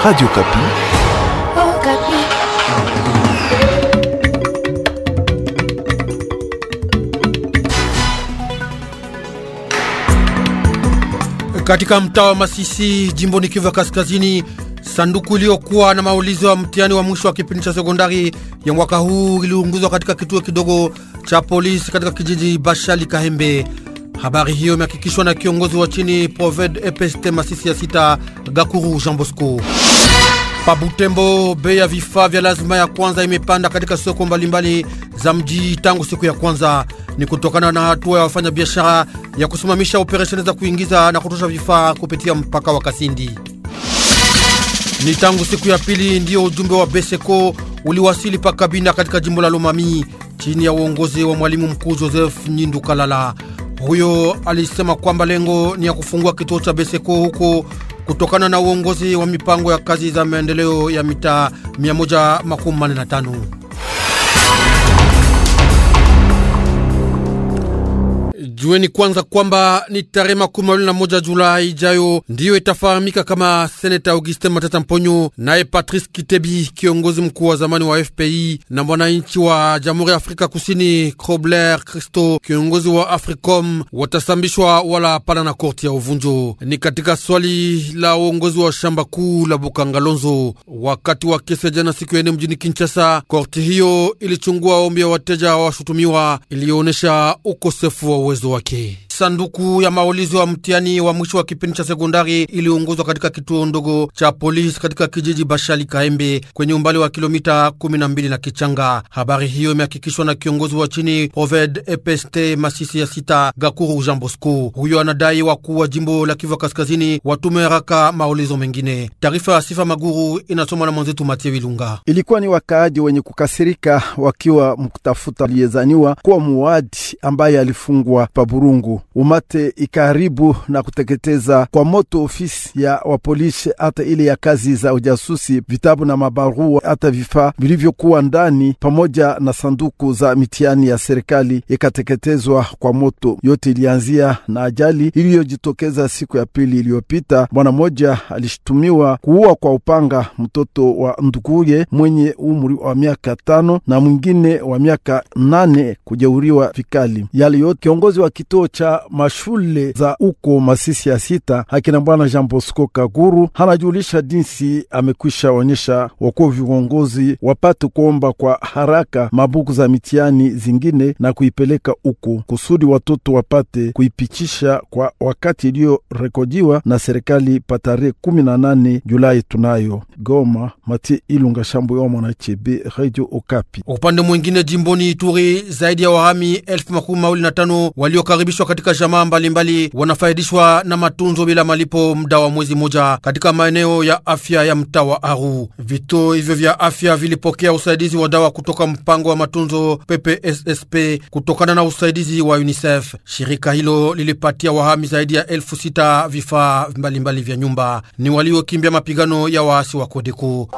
Radio Kapi. Oh, Kapi. Katika mtaa wa Masisi jimbo ni Kivu Kaskazini, sanduku iliyokuwa na maulizo ya mtihani wa mwisho wa kipindi cha sekondari ya mwaka huu iliunguzwa katika kituo kidogo cha polisi katika kijiji Bashali Kahembe. Habari hiyo imehakikishwa na kiongozi wa chini Proved EPST Masisi ya sita Gakuru Jean Bosco. Pabutembo, bei ya vifaa vya lazima ya kwanza imepanda katika soko mbalimbali za mji tangu siku ya kwanza. Ni kutokana na hatua ya wafanyabiashara ya kusimamisha operesheni za kuingiza na kutosha vifaa kupitia mpaka wa Kasindi. Ni tangu siku ya pili ndiyo ujumbe wa Beseko uliwasili pa Kabina katika jimbo la Lomami chini ya uongozi wa mwalimu mkuu Joseph Nyindu Kalala. Huyo alisema kwamba lengo ni ya kufungua kituo cha Beseko huko kutokana na uongozi wa mipango ya kazi za maendeleo ya mitaa 145. Jueni kwanza kwamba ni tarehe makumi mawili na moja Julai ijayo ndiyo itafahamika kama seneta Augustin Matata Mponyo naye Patrice Kitebi, kiongozi mkuu wa zamani wa FPI na mwananchi wa Jamhuri ya Afrika Kusini krobler christo kiongozi wa Africom, watasambishwa wala pana na korti ya uvunjo. Ni katika swali la uongozi wa shamba kuu la Bukangalonzo. Wakati wa kesi ya jana siku ya ine mjini Kinshasa, korti hiyo ilichungua ombi ya wateja washutumiwa iliyoonyesha ukosefu wa uwezo do ok. sanduku ya maulizo ya mtihani wa mwisho wa kipindi cha sekondari iliunguzwa katika kituo ndogo cha polisi katika kijiji Bashali Kaembe kwenye umbali wa kilomita 12 na Kichanga. Habari hiyo imehakikishwa na kiongozi wa chini Oved EPST Masisi ya sita Gakuru Jean Bosco. Huyo anadai wakuu wa jimbo la Kivu Kaskazini watume haraka maulizo mengine. Taarifa ya Sifa Maguru inasomwa na mwenzetu Matie Wilunga. Ilikuwa ni wakaaji wenye kukasirika wakiwa mkutafuta aliyezaniwa kuwa muwadi ambaye alifungwa pa Burungu umate ikaharibu na kuteketeza kwa moto ofisi ya wapolisi hata ile ya kazi za ujasusi, vitabu na mabarua, hata vifaa vilivyokuwa ndani pamoja na sanduku za mitihani ya serikali ikateketezwa kwa moto. Yote ilianzia na ajali iliyojitokeza siku ya pili iliyopita. Bwana mmoja alishitumiwa kuua kwa upanga mtoto wa nduguye mwenye umri wa miaka tano na mwingine wa miaka nane kujeuriwa vikali. Yale yote kiongozi wa kituo cha mashule za uko Masisi ya sita. Hakina bwana Jean Bosco Kaguru hanajulisha jinsi amekwisha onyesha wakuwa viongozi wapate kuomba kwa haraka mabuku za mitihani zingine na kuipeleka uko kusudi watoto wapate kuipichisha kwa wakati iliyorekodiwa na serikali pa tarehe 18 Julai. Tunayo Goma Mati Ilunga Shambo ya B Radio Okapi. Upande mwingine jimboni Ituri, zaidi ya wahami elfu makumi mawili na tano waliokaribishwa katika katika jamaa mbalimbali wanafaidishwa na matunzo bila malipo muda wa mwezi moja katika maeneo ya afya ya mtaa wa Aru. Vituo hivyo vya afya vilipokea usaidizi wa dawa kutoka mpango wa matunzo PPSSP kutokana na usaidizi wa UNICEF. Shirika hilo lilipatia wahami zaidi ya elfu sita vifaa mbalimbali vya nyumba, ni waliokimbia mapigano ya waasi wa Kodeko.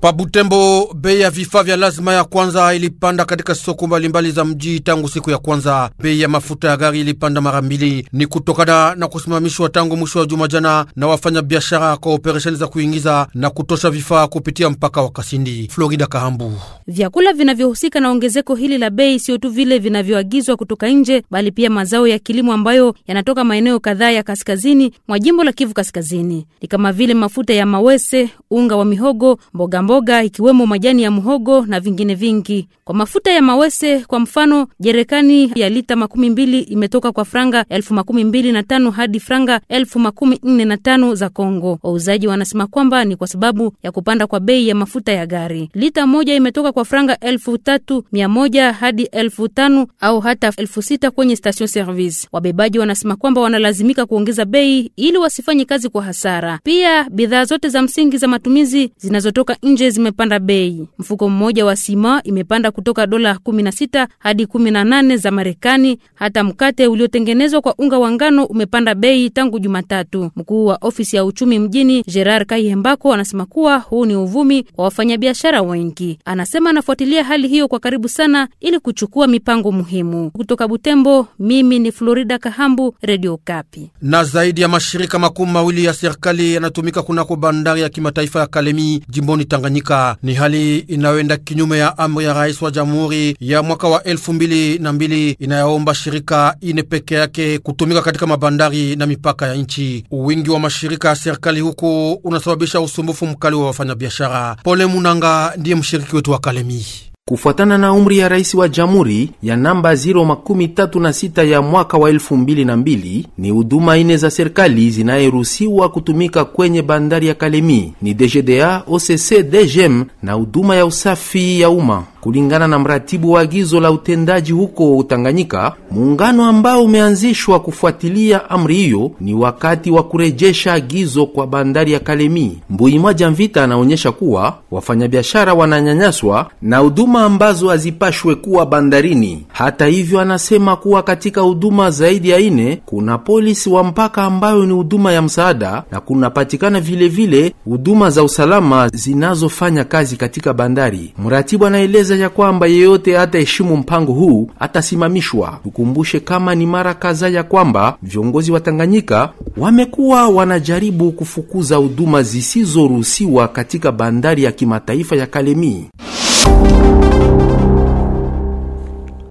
Pabutembo, bei ya vifaa vya lazima ya kwanza ilipanda katika soko mbalimbali za mji tangu siku ya kwanza. Bei ya mafuta ya gari ilipanda mara mbili, ni kutokana na kusimamishwa tangu mwisho wa juma jana na wafanya biashara kwa operesheni za kuingiza na kutosha vifaa kupitia mpaka wa Kasindi. Florida Kahambu. Vyakula vinavyohusika na ongezeko hili la bei sio tu vile vinavyoagizwa kutoka nje, bali pia mazao ya kilimo ambayo yanatoka maeneo kadhaa ya kaskazini mwa jimbo la Kivu Kaskazini, ni kama vile mafuta ya mawese, unga wa mihogo, mboga mboga ikiwemo majani ya mhogo na vingine vingi. Kwa mafuta ya mawese kwa mfano, jerekani ya lita makumi mbili imetoka kwa franga elfu makumi mbili na tano hadi franga elfu makumi nne na tano za Kongo. Wauzaji wanasema kwamba ni kwa sababu ya kupanda kwa bei ya mafuta ya gari. Lita moja imetoka kwa franga elfu tatu mia moja hadi elfu tano au hata elfu sita kwenye station service. Wabebaji wanasema kwamba wanalazimika kuongeza bei ili wasifanye kazi kwa hasara. Pia bidhaa zote za msingi za matumizi zinazotoka nje nje zimepanda bei. Mfuko mmoja wa sima imepanda kutoka dola 16 hadi 18 za Marekani. Hata mkate uliotengenezwa kwa unga wa ngano umepanda bei tangu Jumatatu. Mkuu wa ofisi ya uchumi mjini Gerard Kaihembako anasema kuwa huu ni uvumi wa wafanyabiashara wengi. Anasema anafuatilia hali hiyo kwa karibu sana ili kuchukua mipango muhimu. Kutoka Butembo, mimi ni Florida Kahambu, Radio Kapi. Na zaidi ya mashirika makumi mawili ya serikali yanatumika kunako bandari ya kimataifa ya Kalemi jimboni Tanganyika Tanganyika. Ni hali inayoenda kinyume ya amri ya rais wa jamhuri ya mwaka wa elfu mbili na mbili inayoomba shirika ine peke yake kutumika katika mabandari na mipaka ya nchi. Wingi wa mashirika ya serikali huku unasababisha usumbufu mkali wa wafanyabiashara. Pole Munanga ndiye mshiriki wetu wa Kalemi kufuatana na umri ya rais wa jamhuri ya namba 036 ya mwaka wa 2002 ni huduma ine za serikali zinayeruhusiwa kutumika kwenye bandari ya Kalemi ni DGDA, OCC, DGM na huduma ya usafi ya umma kulingana na mratibu wa agizo la utendaji huko Utanganyika, muungano ambao umeanzishwa kufuatilia amri hiyo, ni wakati wa kurejesha agizo kwa bandari ya Kalemi. Mbuimwa Jamvita anaonyesha kuwa wafanyabiashara wananyanyaswa na huduma huduma ambazo hazipashwe kuwa bandarini. Hata hivyo, anasema kuwa katika huduma zaidi ya ine kuna polisi wa mpaka ambayo ni huduma ya msaada na kunapatikana vilevile huduma za usalama zinazofanya kazi katika bandari. Mratibu anaeleza ya kwamba yeyote hataheshimu mpango huu atasimamishwa. Tukumbushe kama ni mara kadhaa ya kwamba viongozi wa Tanganyika wamekuwa wanajaribu kufukuza huduma zisizoruhusiwa katika bandari ya kimataifa ya Kalemi.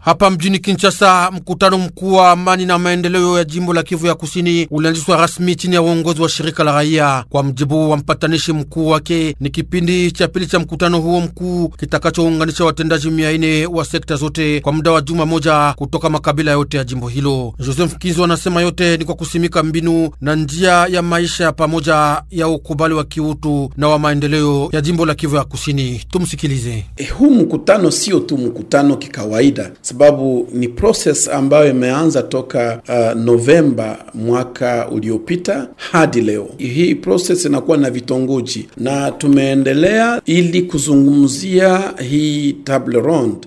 Hapa mjini Kinshasa, mkutano mkuu wa amani na maendeleo ya jimbo la Kivu ya Kusini ulianzishwa rasmi chini ya uongozi wa shirika la raia. Kwa mjibu wa mpatanishi mkuu wake, ni kipindi cha pili cha mkutano huo mkuu kitakachounganisha watendaji mia nne wa sekta zote kwa muda wa juma moja kutoka makabila yote ya jimbo hilo. Joseph Kinzo anasema yote ni kwa kusimika mbinu na njia ya maisha ya pamoja ya ukubali wa kiutu na wa maendeleo ya jimbo la Kivu ya Kusini. Tumsikilize. Eh, huu mkutano sio tu mkutano kikawaida sababu ni proses ambayo imeanza toka uh, Novemba mwaka uliopita hadi leo. Hii proses inakuwa na vitongoji na tumeendelea ili kuzungumzia hii table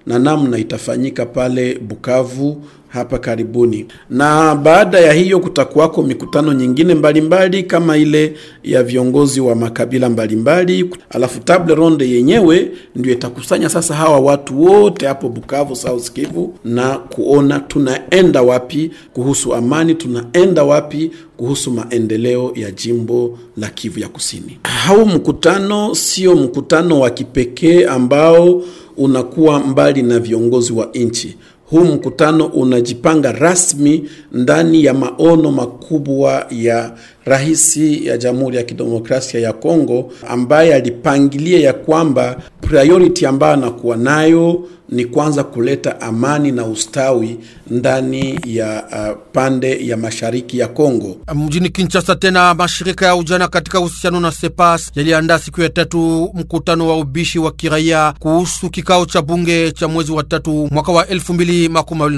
na namna itafanyika pale Bukavu hapa karibuni. Na baada ya hiyo kutakuwako mikutano nyingine mbalimbali mbali, kama ile ya viongozi wa makabila mbalimbali mbali. Alafu table ronde yenyewe ndio itakusanya sasa hawa watu wote hapo Bukavu, South Kivu, na kuona tunaenda wapi kuhusu amani, tunaenda wapi kuhusu maendeleo ya jimbo la Kivu ya Kusini. Hau mkutano sio mkutano wa kipekee ambao unakuwa mbali na viongozi wa nchi huu mkutano unajipanga rasmi ndani ya maono makubwa ya rais ya Jamhuri ya Kidemokrasia ya Kongo ambaye alipangilia ya kwamba priority ambayo anakuwa nayo ni kwanza kuleta amani na ustawi ndani ya uh, pande ya mashariki ya Kongo. Mjini Kinshasa, tena mashirika ya ujana katika uhusiano na Sepas yaliandaa siku ya tatu mkutano wa ubishi wa kiraia kuhusu kikao cha bunge cha mwezi wa tatu mwaka wa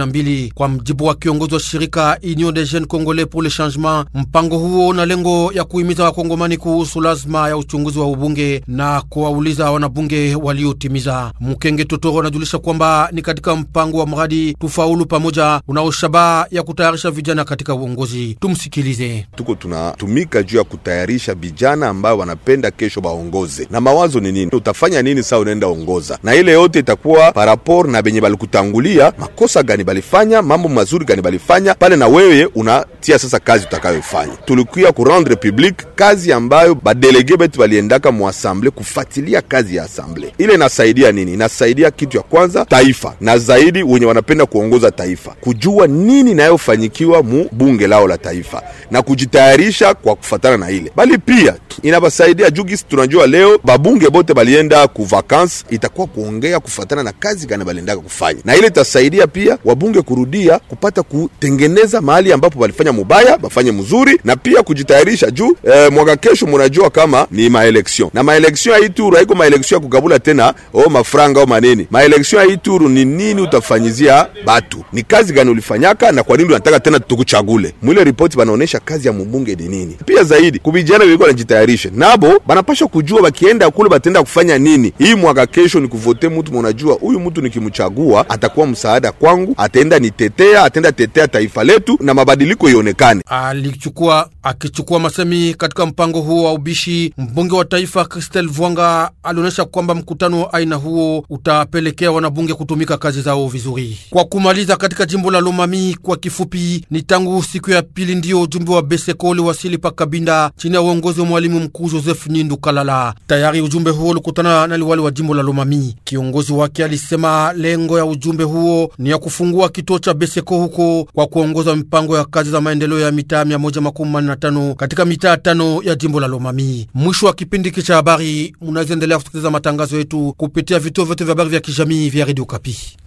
mbili. Kwa mjibu wa kiongozi wa shirika Union des Jeunes Congolais pour le Changement, mpango huo na lengo ya kuhimiza wakongomani kuhusu lazima ya uchunguzi wa ubunge na kuwauliza wanabunge waliotimiza. Mkenge Totoro anajulisha kwamba ni katika mpango wa mradi Tufaulu Pamoja unaoshabaha ya kutayarisha vijana katika uongozi. Tumsikilize. Tuko tunatumika juu ya kutayarisha vijana ambayo wanapenda kesho baongoze, na mawazo ni nini, utafanya nini saa unaenda ongoza, na ile yote itakuwa parapor na benye balikutangulia, makosa gani balifanya, mambo mazuri gani balifanya pale, na wewe unatia sasa kazi utakayoifanya. Tulikuwa pia kurendre public kazi ambayo badelege betu baliendaka muasamble kufatilia kazi ya asamble ile. Inasaidia nini? Inasaidia kitu ya kwanza taifa, na zaidi wenye wanapenda kuongoza taifa kujua nini inayofanyikiwa mu bunge lao la taifa na kujitayarisha kwa kufatana na ile, bali pia inabasaidia jugisi. Tunajua leo babunge bote balienda ku vacances, itakuwa kuongea kufatana na kazi gani baliendaka kufanya, na ile itasaidia pia wabunge kurudia kupata kutengeneza mahali ambapo balifanya mubaya bafanye mzuri na pia kujitayarisha juu e, mwaka kesho munajua kama ni maeleksio na maeleksion hii turu haiko maeleksio ya kukabula tena o oh, mafranga o oh, maneni. maeleksion hii ni nini utafanyizia batu, ni kazi gani ulifanyaka na kwa nini unataka tena tukuchagule. Mwile ripoti banaonesha kazi ya mbunge ni nini. Pia zaidi kubijana wiko wanajitayarisha nabo, banapasha kujua bakienda kule batenda kufanya nini. Hii mwaka kesho ni kuvote mtu, munajua huyu mtu nikimchagua atakuwa msaada kwangu, ataenda nitetea, ataenda tetea taifa letu na mabadiliko ionekane. Alichukua Akichukua masemi katika mpango huo wa ubishi, mbunge wa taifa Christel Vwanga alionyesha kwamba mkutano wa aina huo utapelekea wanabunge kutumika kazi zao vizuri. Kwa kumaliza, katika jimbo la Lomami kwa kifupi, ni tangu siku ya pili ndiyo ujumbe wa Beseko uliwasili pa Kabinda chini ya uongozi wa mwalimu mkuu Joseph Nyindu Kalala. Tayari ujumbe huo ulikutana na liwali wa jimbo la Lomami. Kiongozi wake alisema lengo ya ujumbe huo ni ya kufungua kituo cha Beseko huko kwa kuongoza mipango ya kazi za maendeleo ya mitaa 115 tano katika mitaa tano ya jimbo la Lomami. Mwisho wa kipindi hiki cha habari, munaendelea kusikiliza matangazo yetu kupitia vituo vyote vya habari vya kijamii vya Radio Kapi.